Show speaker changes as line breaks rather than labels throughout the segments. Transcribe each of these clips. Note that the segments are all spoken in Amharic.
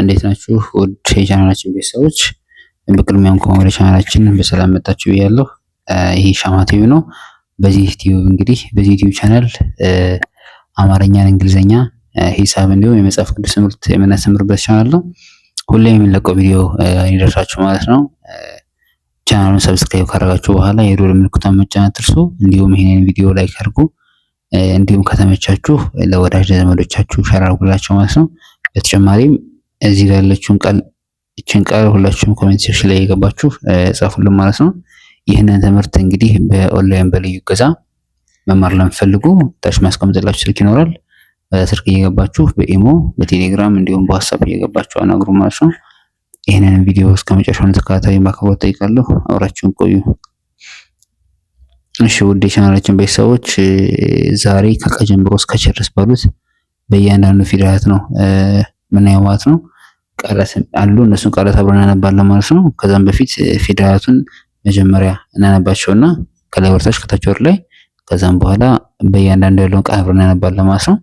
እንዴት ናችሁ? ውድ የቻናላችን ቤተሰቦች በቅድሚያም ከሆነ ወደ ቻናላችን በሰላም መጣችሁ ብያለሁ። ይሄ ሻማ ቲዩብ ነው። በዚህ ቲዩብ እንግዲህ በዚህ ቲዩብ ቻናል አማርኛን፣ እንግሊዝኛ፣ ሂሳብ እንዲሁም የመጽሐፍ ቅዱስ ትምህርት የምናስተምርበት ቻናል ነው። ሁሌ የምንለቀው ቪዲዮ ይደርሳችሁ ማለት ነው። ቻናሉን ሰብስክራይብ ካደረጋችሁ በኋላ የዶር ምልክቷን መጫን አትርሱ። እንዲሁም ይሄንን ቪዲዮ ላይክ አድርጉ። እንዲሁም ከተመቻችሁ ለወዳጅ ለዘመዶቻችሁ ሸር አድርጉላቸው ማለት ነው። በተጨማሪም እዚህ ላይ ያለችውን ቃል እችን ቃል ሁላችሁም ኮሜንት ሴክሽን ላይ የገባችሁ ጻፉልን ማለት ነው። ይህንን ትምህርት እንግዲህ በኦንላይን በልዩ እገዛ መማር ለምፈልጉ ታች ማስቀምጥላችሁ ስልክ ይኖራል። በስልክ እየገባችሁ በኢሞ በቴሌግራም እንዲሁም በዋትሳፕ እየገባችሁ አናግሩ ማለት ነው። ይህንን ቪዲዮ እስከ መጨረሻው ተከታታይ በአክብሮት ጠይቃለሁ። አብራችሁን ቆዩ። እሺ ውድ የቻናላችን ቤተሰቦች ዛሬ ከቀ ጀምሮ እስከ ቸርስ ባሉት በእያንዳንዱ ፊደላት ነው ምናየው ማለት ነው። ቃላት አሉ እነሱን ቃላት አብረን እናነባለን ማለት ነው። ከዛም በፊት ፊደላቱን መጀመሪያ እናነባቸውና ከላይ ወርታች ከታች ወር ላይ ከዛም በኋላ በእያንዳንዱ ያለውን ቃል አብረን እናነባለን ማለት ነው።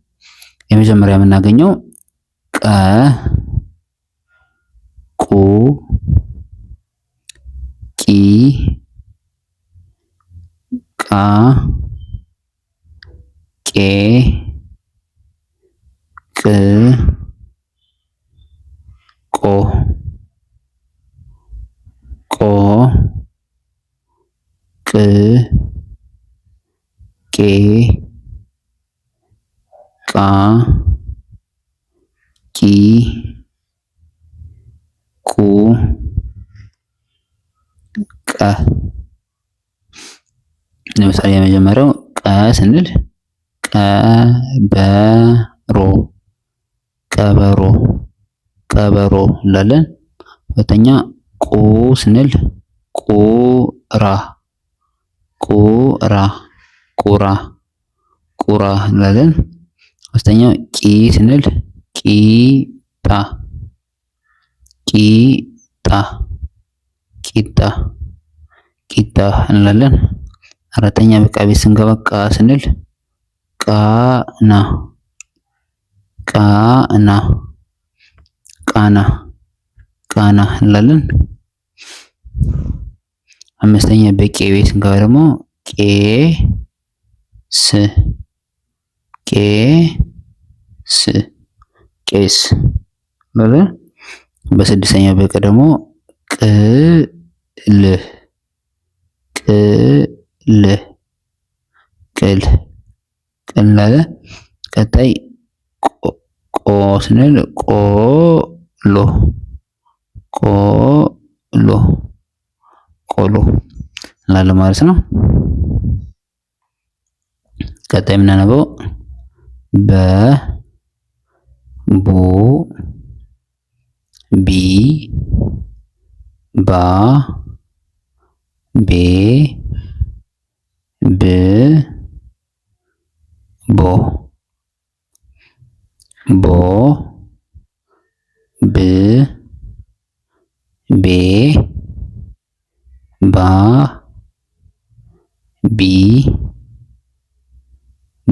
የመጀመሪያ የምናገኘው ቀ ቁ ቂ ቃ ቄ ቅ ቄ ቃ ቂ ቁ ቀ። ለምሳሌ የመጀመሪያው ቀ ስንል ቀበሮ ቀበሮ ቀበሮ እንላለን። ሁለተኛ ቁ ስንል ቁራ ቁራ ቁራ ቁራ እንላለን። ሶስተኛው ቂ ስንል ቂጣ ቂጣ ቂጣ ቂጣ እንላለን። አራተኛ በቃ ቤት ስንገባ ቃ ስንል ቃና ቃና ቃና ቃና እንላለን። አምስተኛ በቄ ቤት ስንገባ ደግሞ ቄ ስ ቄ ስ ቄስ ብለን በስድስተኛ በቀ ደግሞ ቅል ቅል ቅል ቅላለ ቀጣይ ቆ ስንል ቆሎ ቆሎ ቆሎ ላለ ማለት ነው። ቀጣይ የምናነበው በ ቦ ቢ ባ ቤ ብ ቦ ቦ ብ ቤ ባ ቢ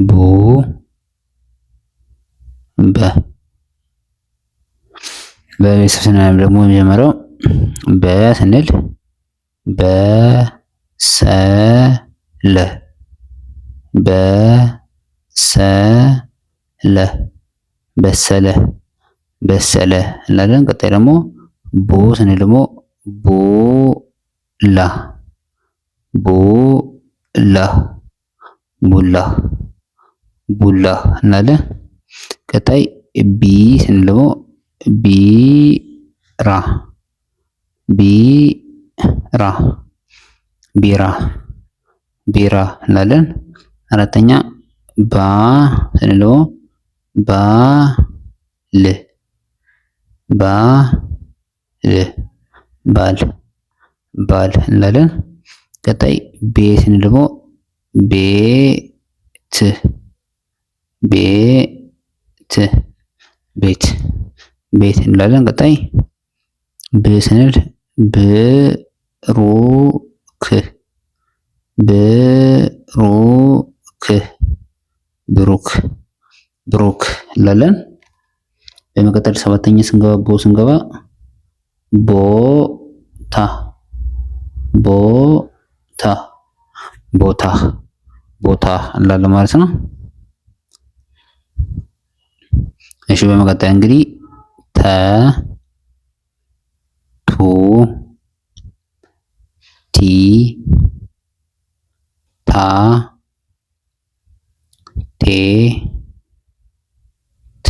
ቡ በ በቤተሰብ ስናነብ ደግሞ የሚጀምረው በ ስንል በሰለ በሰለ በሰለ በሰለ እንላለን። ቀጣይ ደግሞ ቡ ስንል ደግሞ ቡላ ቡላ ቡላ ቡላ እናለን። ቀጣይ ቢ ስንል ደግሞ ቢራ ቢራ ቢራ ቢራ እንላለን። አራተኛ ባ ስንል ደግሞ ባል ባል ባል ባል እንላለን። ቀጣይ ቤ ስንል ደግሞ ቤት ቤት ቤት ቤት እንላለን። ቀጣይ ብ ስንል ብሩክ ብሩክ ብሩክ ብሩክ እንላለን። በመቀጠል ሰባተኛ ስንገባ ቦ ስንገባ ቦታ ቦታ ቦታ ቦታ እንላለን ማለት ነው። እሺ በመቀጠል እንግዲህ ተ ቱ ቲ ታ ቴ ት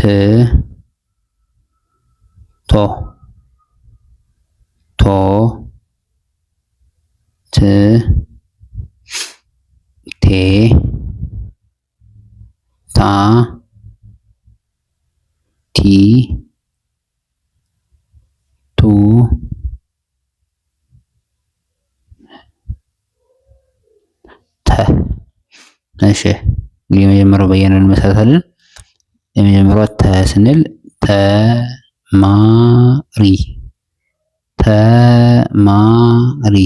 ቶ ቶ ት ቴ ታ ቱ ተ እሺ የመጀመሪያው በየነ እንመሰረታለን። የመጀመሪያው ተ ስንል ተማሪ ተማሪ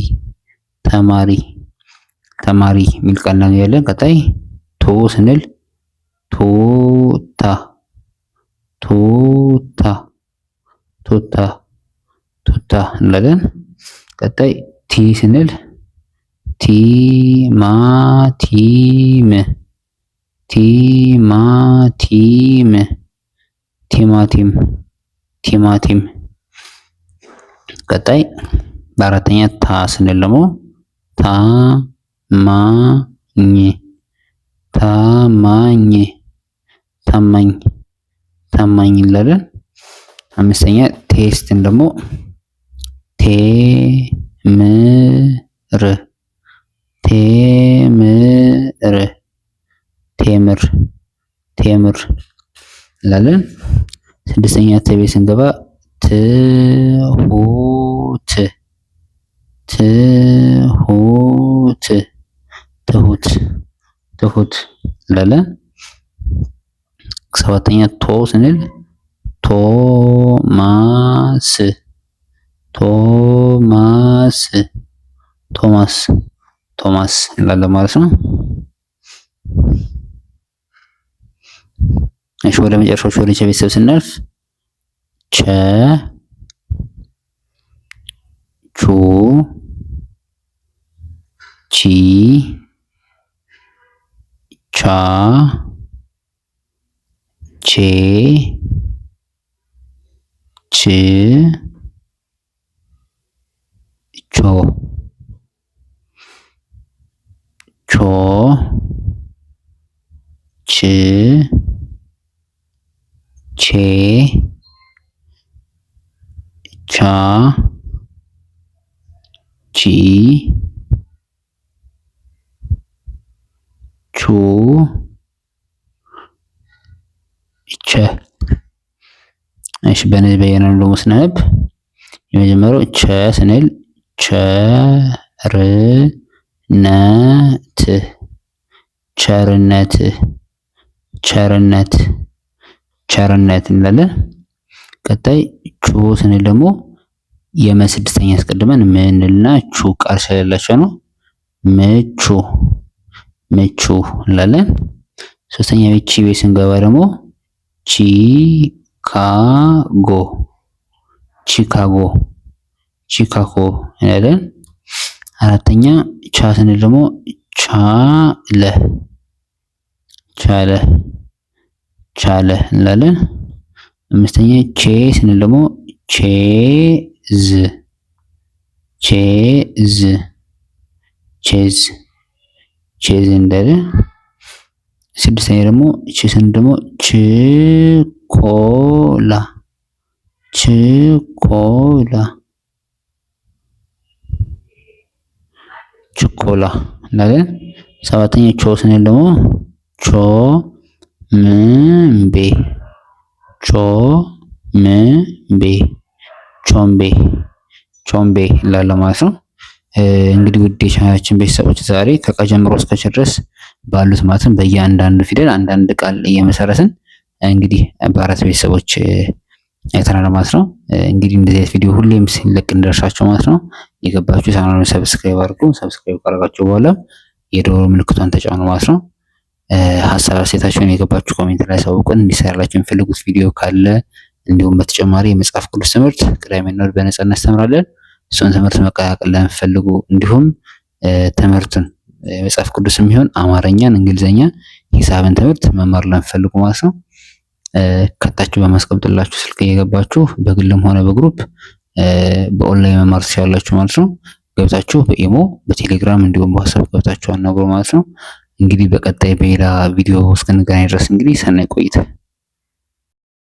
ተማሪ ተማሪ የሚል ቃል እናገኛለን። ቀጣይ ስንል ቱታ ቱታ ቱታ እንላለን። ቀጣይ ቲ ስንል ቲማቲም ቲማቲም ቲማቲም ቲማቲም። ቀጣይ በአራተኛ ታ ስንል ደግሞ ታማኝ ታማኝ ታማኝ ታማኝ እንላለን። አምስተኛ ቴስትን ደግሞ ቴምር ቴምር ቴምር ቴምር እንላለን። ስድስተኛ ተቤት ስንገባ ትሁት ትሁት ትሁት ትሁት እንላለን። ሰባተኛ ቶ ስንል ቶማስ ቶማስ ቶማስ ቶማስ እንላለን ማለት ነው። እሺ ወደ መጨረሻዎች ወደ ቸ ቤተሰብ ስናልፍ ቸ ቹ ቺ ቻ G, G, 조, 조, 지, 제, 자, 지, 조, ቸ እሺ በነዚህ በየነን ደግሞ ስናነብ የመጀመሪያው ቸ ስንል ቸርነት ቸርነት ቸርነት ቸርነት እንላለን። ቀጣይ ቹ ስንል ደግሞ የመስድስተኛ አስቀድመን ምንልና ቹ ቃል ስለሌላቸው ነው። ምቹ ምቹ እንላለን። ሶስተኛ ቤት ቺ ቤት ስንገባ ደግሞ ቺካጎ ቺካጎ ቺካጎ እንላለን። አራተኛ ቻ ስንል ደግሞ ቻለ ቻለ ቻለ እንላለን። አምስተኛ ቼ ስንል ደግሞ ቼዝ ቼዝ ቼዝ ቼዝ እንላለን። ስድስተኛ ደግሞ ቺ ስንል ደግሞ ችኮላ ችኮላ ችኮላ እናገን። ሰባተኛ ቾ ስንል ደግሞ ቾ ምንቤ ቾ ምንቤ ቾምቤ ቾምቤ እላለሁ ማለት ነው። እንግዲህ ውድ የቻናላችን ቤተሰቦች ዛሬ ከቀ ጀምሮ እስከ ች ድረስ ባሉት ማለትም በየአንዳንዱ ፊደል አንዳንድ ቃል እየመሰረትን እንግዲህ በአራት ቤተሰቦች አይተናል ማለት ነው። እንግዲህ እንደዚህ አይነት ቪዲዮ ሁሌም ሲለቅ እንደርሳቸው ማለት ነው። የገባችሁ ቻናሉን ሰብስክራይብ አድርጉ። ሰብስክራይብ ካደረጋችሁ በኋላ የዶሮ ምልክቷን ተጫኑ ማለት ነው። ሀሳብ አስተያየታችሁን የገባችሁ ኮሜንት ላይ ሳውቁን፣ እንዲሰራላችሁ የሚፈልጉት ቪዲዮ ካለ እንዲሁም በተጨማሪ የመጽሐፍ ቅዱስ ትምህርት ቅዳሜና እሑድ በነጻ እናስተምራለን። እሱን ትምህርት መቀላቀል ለምትፈልጉ እንዲሁም ትምህርቱን የመጽሐፍ ቅዱስ የሚሆን አማርኛን፣ እንግሊዘኛ ሂሳብን ትምህርት መማር ለምፈልጉ ማለት ነው ከታችሁ በማስቀምጥላችሁ ስልክ እየገባችሁ በግልም ሆነ በግሩፕ በኦንላይን መማር ትችላላችሁ ማለት ነው። ገብታችሁ በኢሞ በቴሌግራም እንዲሁም በዋትስአፕ ገብታችሁ አናግሩ ማለት ነው። እንግዲህ በቀጣይ በሌላ ቪዲዮ እስክንገናኝ ድረስ እንግዲህ ሰናይ ቆይታ